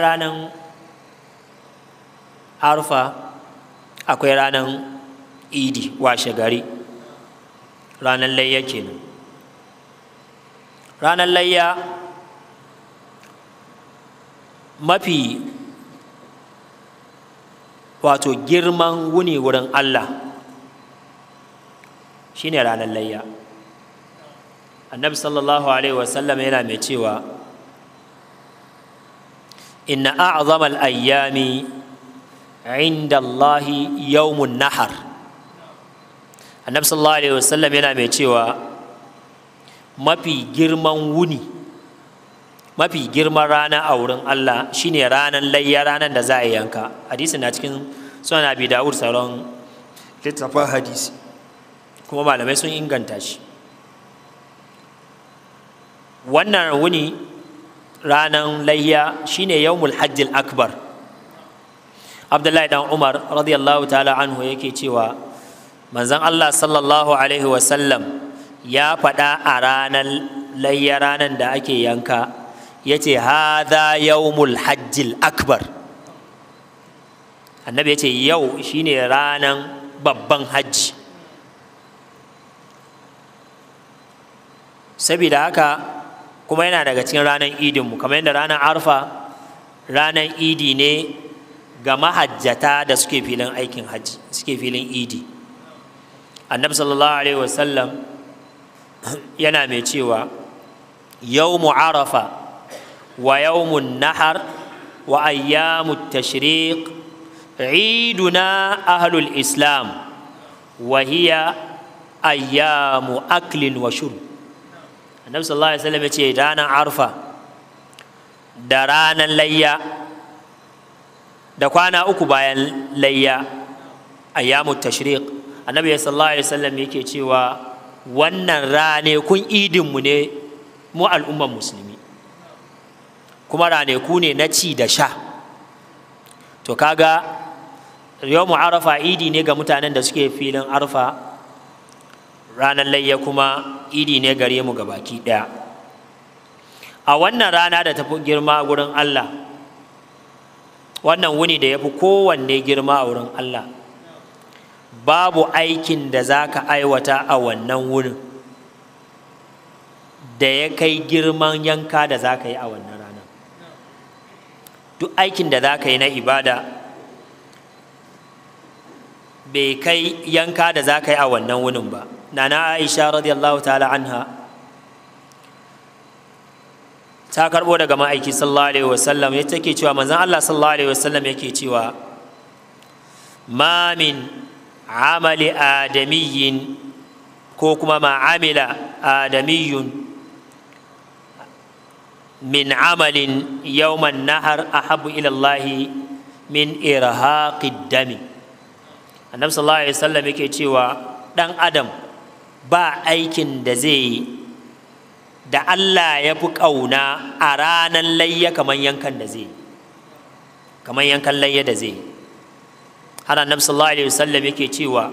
ranan arfa akwai ranan idi washe gari ranan layya kenan ranan layya mafi wato girman wuni wurin Allah shine ranar layya annabi sallallahu alaihi wasallam yana mai cewa inna a'zama ayyami inda Allah yawmun nahar annabi sallallahu alaihi wasallam yana mai cewa mafi girman wuni mafi girman rana a wurin Allah shine ranan layya ranar da za a yanka hadisi na cikin sunan abi da'ud sauran littafin hadisi kuma malamai sun inganta shi wannan wuni ranan layya shine yawmul hajjil akbar abdullahi dan umar radiyallahu ta'ala anhu yake cewa manzon allah sallallahu alaihi wasallam ya faɗa a ranar layya ranar da ake yanka ya ce hadha yawmul hajjil akbar annabi ya ce yau shine ranan babban hajji saboda haka kuma yana daga cikin ranar idinmu kamar yadda ranar arfa ranar idi ne ga mahajjata da suke filin aikin hajji suke filin idi annabi sallallahu alaihi wasallam yana mai cewa yawmu arafa wa yawmun nahar wa ayyamu tashriq Islam أهل الإسلام ayyamu aklin wa وشرب annabi sallallahu alaihi wasallam ce ranar arfa da ranar layya da kwana uku bayan layya ayyamu tashriq annabi sallallahu alaihi wasallam yake cewa wannan idin idinmu ne mu al'ummar musulmi kuma ku ne na ci da sha to kaga yau mu arafa idi ne ga mutanen da suke filin arfa ranar layya kuma idi ne gare mu ga baki ɗaya a wannan rana da ta fi girma gurin Allah wannan wuni da ya fi kowanne girma a wurin Allah babu aikin da za ka aiwata a wannan wurin da ya kai girman yanka da za ka yi a wannan rana duk aikin da za ka yi na ibada bai kai yanka da za ka yi a wannan wunin ba nana aisha radiyallahu ta'ala anha ta karbo daga ma'aiki sallallahu alaihi wasallam ya take cewa manzon Allah sallallahu alaihi wasallam yake cewa ma min amali adamiyyin ko kuma ma amila adamiyyun min amalin yawman nahar ahabu ila Allah min irhaqid dami annabi sallallahu alaihi wasallam yake cewa dan adam ba aikin da zai yi da Allah ya fi ƙauna a ranar layya kamar yankan da zai kamar yankan layya da zai har annabi sallallahu alaihi wasallam yake cewa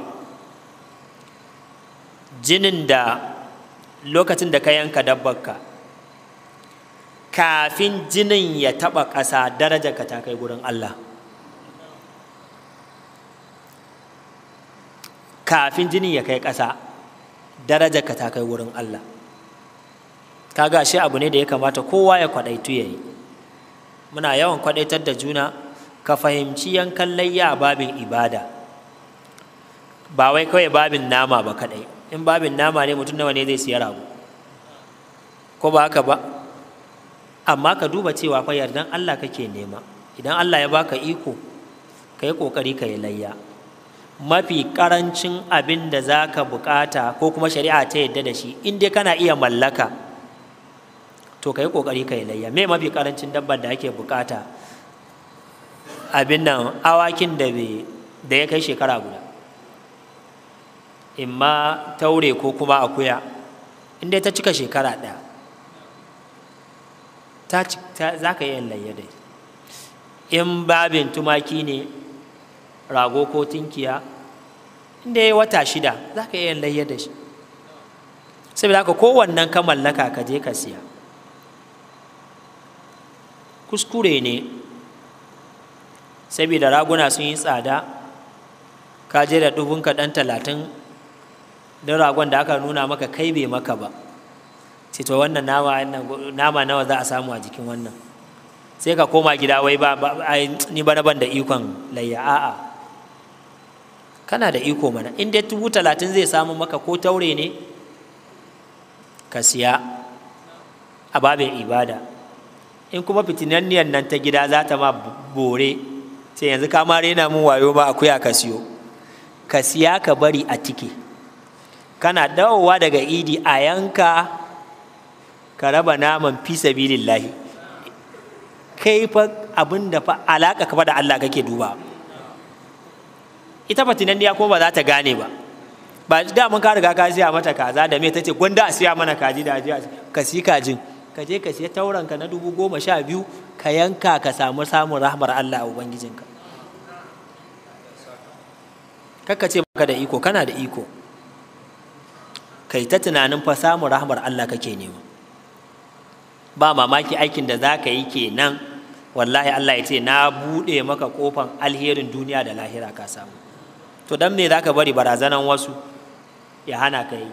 jinin da lokacin da ka yanka dabbarka kafin jinin ya taɓa ƙasa darajarka ta kai gurin Allah kafin jinin ya kai ƙasa daraja ka ta kai wurin Allah kaga shi abu ne da ya kamata kowa ya kwadaitu yayi muna yawan kwadaitar da juna ka fahimci yankan layya a babin ibada ba wai kawai babin nama ba kadai in babin nama ne mutum nawa ne zai siya rago ko ba haka ba amma ka duba cewa fa yardan Allah kake nema idan Allah ya baka iko ka yi ƙoƙari ka yi layya mafi karancin abin da za ka bukata ko kuma shari'a ta yadda da shi in dai kana iya mallaka to ka yi ƙoƙari ka yi layya me mafi karancin dabbar da ake bukata abin nan awakin da da ya kai shekara guda In ma taure ko kuma akuya in dai ta cika shekara ɗaya ta za ka yi layya dai in babin tumaki ne rago ko tinkiya inda ya wata shida za ka iya layya da shi saboda ka kowannan ka mallaka ka je ka siya kuskure ne saboda raguna sun yi tsada ka je da dubun ka dan talatin don ragon da aka nuna maka kai bai maka ba ce to wannan nama nawa za a samu a jikin wannan sai ka koma gida wai ba ni bana ban da ikon layya a'a kana da iko mana in dai dubu talatin zai samu maka ko taure ne ka siya a babin ibada in kuma fitinanniyar nan ta gida za ta ma bore sai yanzu ka rena mun wayo ma akuya ka siyo ka siya ka bari a tike kana dawowa daga idi a yanka ka raba naman fi sabilillahi kai fa abin da fa alaka ka da Allah kake duba ita fatinanniya kuma ba za ta gane ba ba da mun ka riga ka siya mata kaza da me tace gwanda a siya mana kaji da ajiya ka si kajin ka je ka siya tauranka na dubu goma sha biyu ka yanka ka samu samun rahmar Allah a ubangijinka kakka ce baka da iko kana da iko kai ta tunanin fa samun rahmar Allah kake nema ba mamaki aikin da za ka yi kenan wallahi Allah ya ce na buɗe maka kofan alherin duniya da lahira ka samu to dan me zaka bari barazanan wasu ya hana ka yi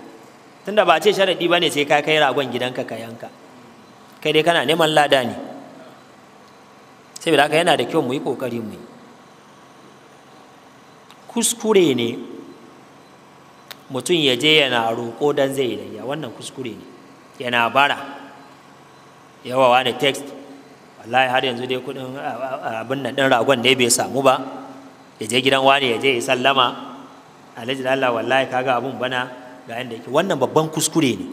tunda ba ce ba ne sai ka kai ragon gidanka ka yanka kai dai kana neman lada ne saboda haka yana da kyau mu yi kokari mu kuskure ne mutum ya je yana roƙo dan zai yi wannan kuskure ne yana bara yawa wani text wallahi har yanzu dai kudin abin nan din ragon ne bai samu ba ya je gidan wani ya je ya sallama alhaji da Allah wallahi kaga abun bana ga yanda yake wannan babban kuskure ne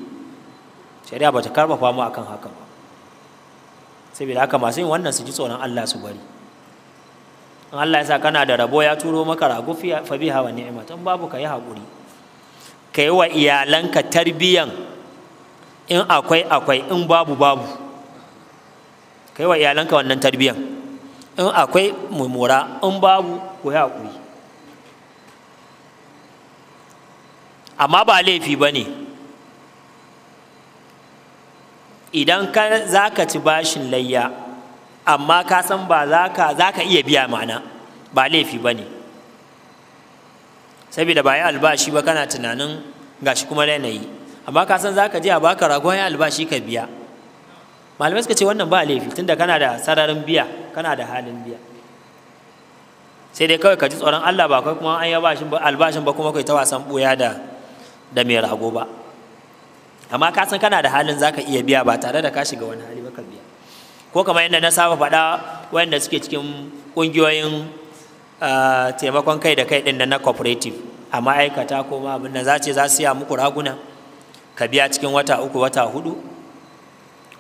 shari'a bata karfafa mu akan haka ba saboda haka masu yin wannan su ji tsoron Allah su bari in Allah ya sa kana da rabo ya turo maka rago fa biha wa ni'ima in babu ka yi haƙuri ka yi wa iyalanka tarbiyan in akwai akwai in babu babu ka yi wa iyalanka wannan tarbiyan in akwai mummura in babu ku yi haƙuri amma ba laifi ba ne idan ka za ka ci bashin layya amma ka san ba za ka iya biya mana ba laifi ba ne saboda ba yi albashi ba kana tunanin gashi kuma yanayi amma ka san za ka ji a baka ragon albashi ka biya malamai suka ce wannan ba laifi tunda kana da sararin biya kana da halin biya sai dai kawai ka ji tsoron Allah ba kai kuma an yi albashin ba kuma kai ta wasan buya da da mai rago ba amma ka san kana da halin zaka iya biya ba tare da ka shiga wani hali ba ka biya ko kamar yadda na saba faɗa wayanda suke cikin kungiyoyin taimakon kai da kai ɗin na cooperative a ma'aikata ko ma abin da za ce za su yi muku raguna ka biya cikin wata uku wata hudu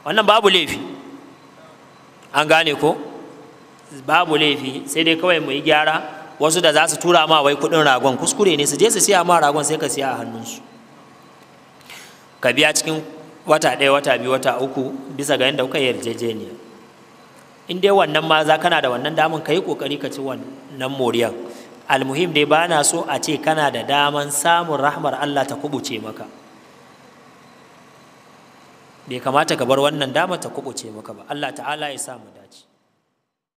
wannan babu laifi an gane ko babu laifi sai dai kawai mu yi gyara wasu da za su tura ma wai kuɗin ragon kuskure ne su je su siya ma ragon sai ka siya a hannunsu ka biya cikin wata ɗaya wata biyu wata uku bisa ga yadda kuka yarjejeniya in dai wannan ma za kana da wannan daman ka yi ƙoƙari ka ci wannan moriyan almuhim dai ba na so a ce kana da daman samun rahmar allah ta kubuce maka bai kamata ka bar wannan dama ta kubuce maka ba Allah ta'ala ya sa mu dace